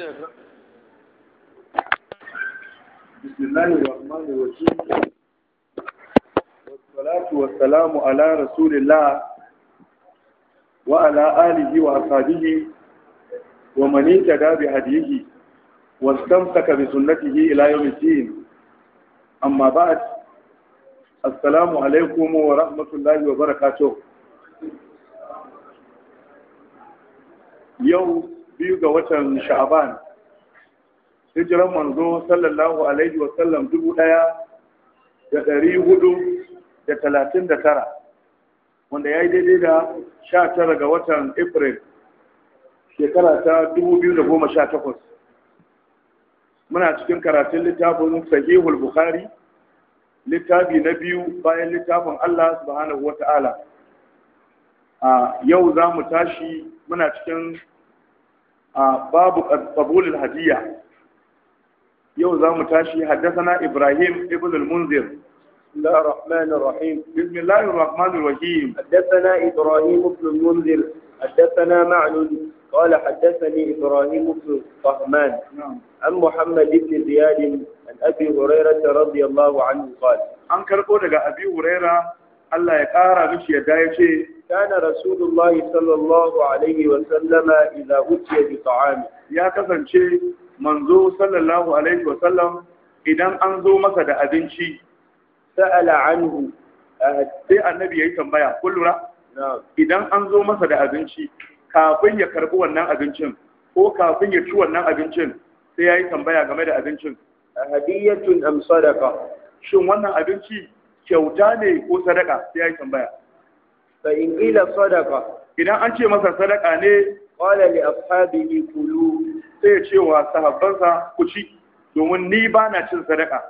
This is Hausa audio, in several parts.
Bikin lahi ba ma ne waje? Wasu talatu wa salamu a Larasunila, wa wa sababbin yi, wa mani ta dabi ajiyaki, mai sunaki hiƙi layuwar jiya. Amma ba'a 'asalamu alaikum wa rahmatu wa barakato.' Yau. biyu ga watan sha'aban hijiran manzo sallallahu alaihi wa sallam dubu ɗaya da dari hudu da talatin da tara wanda ya yi daidai da sha tara ga watan april shekara ta dubu biyu da goma sha takwas muna cikin karatun littafin sahihul bukhari littafi na biyu bayan littafin allah subhanahu wa ta'ala a yau za mu tashi muna cikin آه، باب قبول الهديه yau زام تاشي حدثنا ابراهيم ابن المنذر بسم الله الرحمن الرحيم بسم الله الرحمن الرحيم حدثنا إبراهيم بن المنذر حدثنا معن قال حدثني إبراهيم بن نعم عن محمد بن زياد عن أبي هريرة رضي الله عنه قال عن كربو أبي هريرة Allah ya ƙara mishi ya ya ce kana rasulullahi sallallahu alaihi wa sallama idza utiya bi ta'ami ya kasance manzo sallallahu alaihi wa sallam idan an zo masa da abinci sa'ala anhu sai annabi yayi tambaya kullura lura idan an zo masa da abinci kafin ya karbi wannan abincin ko kafin ya ci wannan abincin sai yayi tambaya game da abincin hadiyatun am sadaqa shin wannan abinci kyauta ne ko sadaka sai ya yi tambaya fa in qila sadaka idan an ce masa sadaka ne qala li ashabihi kulu sai ce wa sahabbansa ku ci domin ni ba na cin sadaka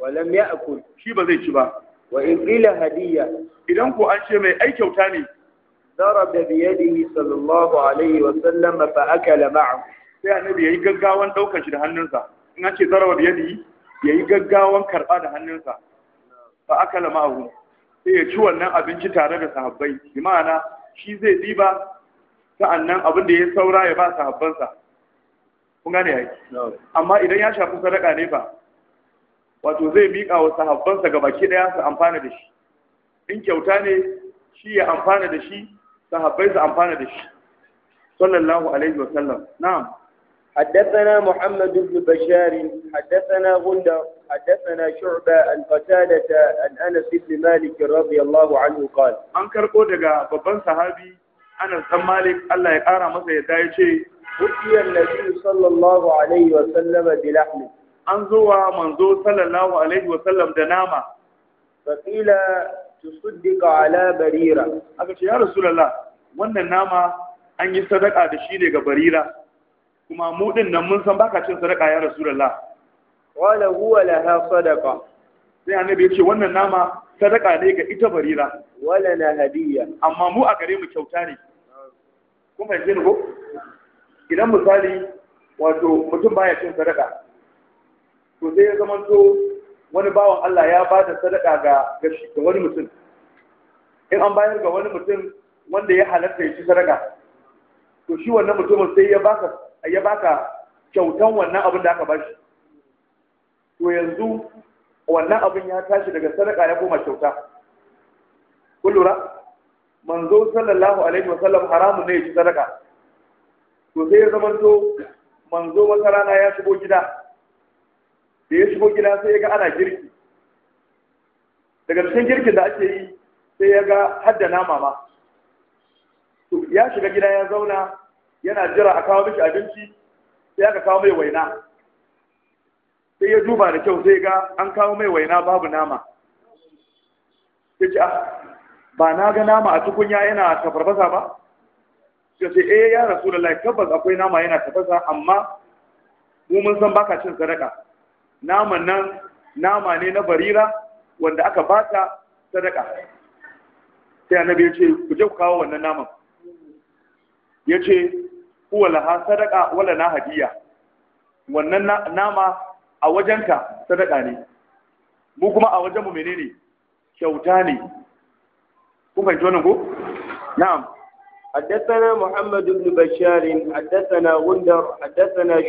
walam ya'kul shi ba zai ci ba wa in qila hadiyya idan ko an ce mai ai kyauta ne da biyadihi sallallahu alaihi wa sallam fa akala معه sai annabi yayi gaggawan daukar shi da hannunsa in an ce da biyadihi yayi gaggawan karba da hannunsa fa akala ma'ahu sai ya ci wannan abinci tare da sahabbai bi ma'ana shi zai diba sa'annan abin da ya saura ya ba sahabbansa kun gane yayi amma idan ya shafi sadaka ne ba. wato zai miƙa wa sahabbansa ga baki ɗaya su amfana da shi in kyauta ne shi ya amfana da shi sahabbai su amfana da shi sallallahu alaihi wa sallam na'am حدثنا محمد بن بشار حدثنا غندر حدثنا شعبة عن قتادة عن أنس بن مالك رضي الله عنه قال أنكر قودك ببن صحابي أنس بن مالك الله يقارى مسا يتايشي أتي النبي صلى الله عليه وسلم بلحم أنزوا منزو صلى الله عليه وسلم دناما فقيل تصدق على بريرة أقول يا رسول الله وأن ناما أن يصدق على شيء بريرة kuma mu din nan mun san baka cin sadaka ya rasulullah wala huwa laha sadaqa sai annabi ya ce wannan nama sadaka ne ga ita barira wala na hadiya amma mu a gare mu kyauta ne kuma fahimce ni ko idan misali wato mutum baya cin sadaka to sai ya zama to wani bawan Allah ya ba da sadaka ga ga wani mutum in an bayar ga wani mutum wanda ya halatta ya ci sadaka to shi wannan mutumin sai ya baka ya baka kyautan wannan abin da aka bashi to yanzu wannan abin ya tashi daga sadaka ya koma kyauta kun lura manzo sallallahu alaihi wa sallam haramun ne ya ci sadaka to sai ya to manzo wata rana ya shigo gida da ya shigo gida sai ya ga ana girki daga cikin girkin da ake yi sai ya ga hadda nama ma to ya shiga gida ya zauna yana jira a kawo mishi abinci sai aka kawo mai waina sai ya duba da kyau sai ga an kawo mai waina babu nama ya ce ah, ba na ga nama a tukunya yana tafarfasa ba ya ce eh ya rasu da tabbas akwai nama yana tafasa amma mun san baka cin sadaka naman nan nama ne na barira wanda aka bata sadaka sai annabi ya ce ku je ku kawo wannan naman ya ce kuwa laha sadaka wala na hadiya wannan nama a wajenka sadaka ne mu kuma a wajenmu menene kyauta ne kun fahimci wannan ko na'am حدثنا محمد بن بشار حدثنا غندر حدثنا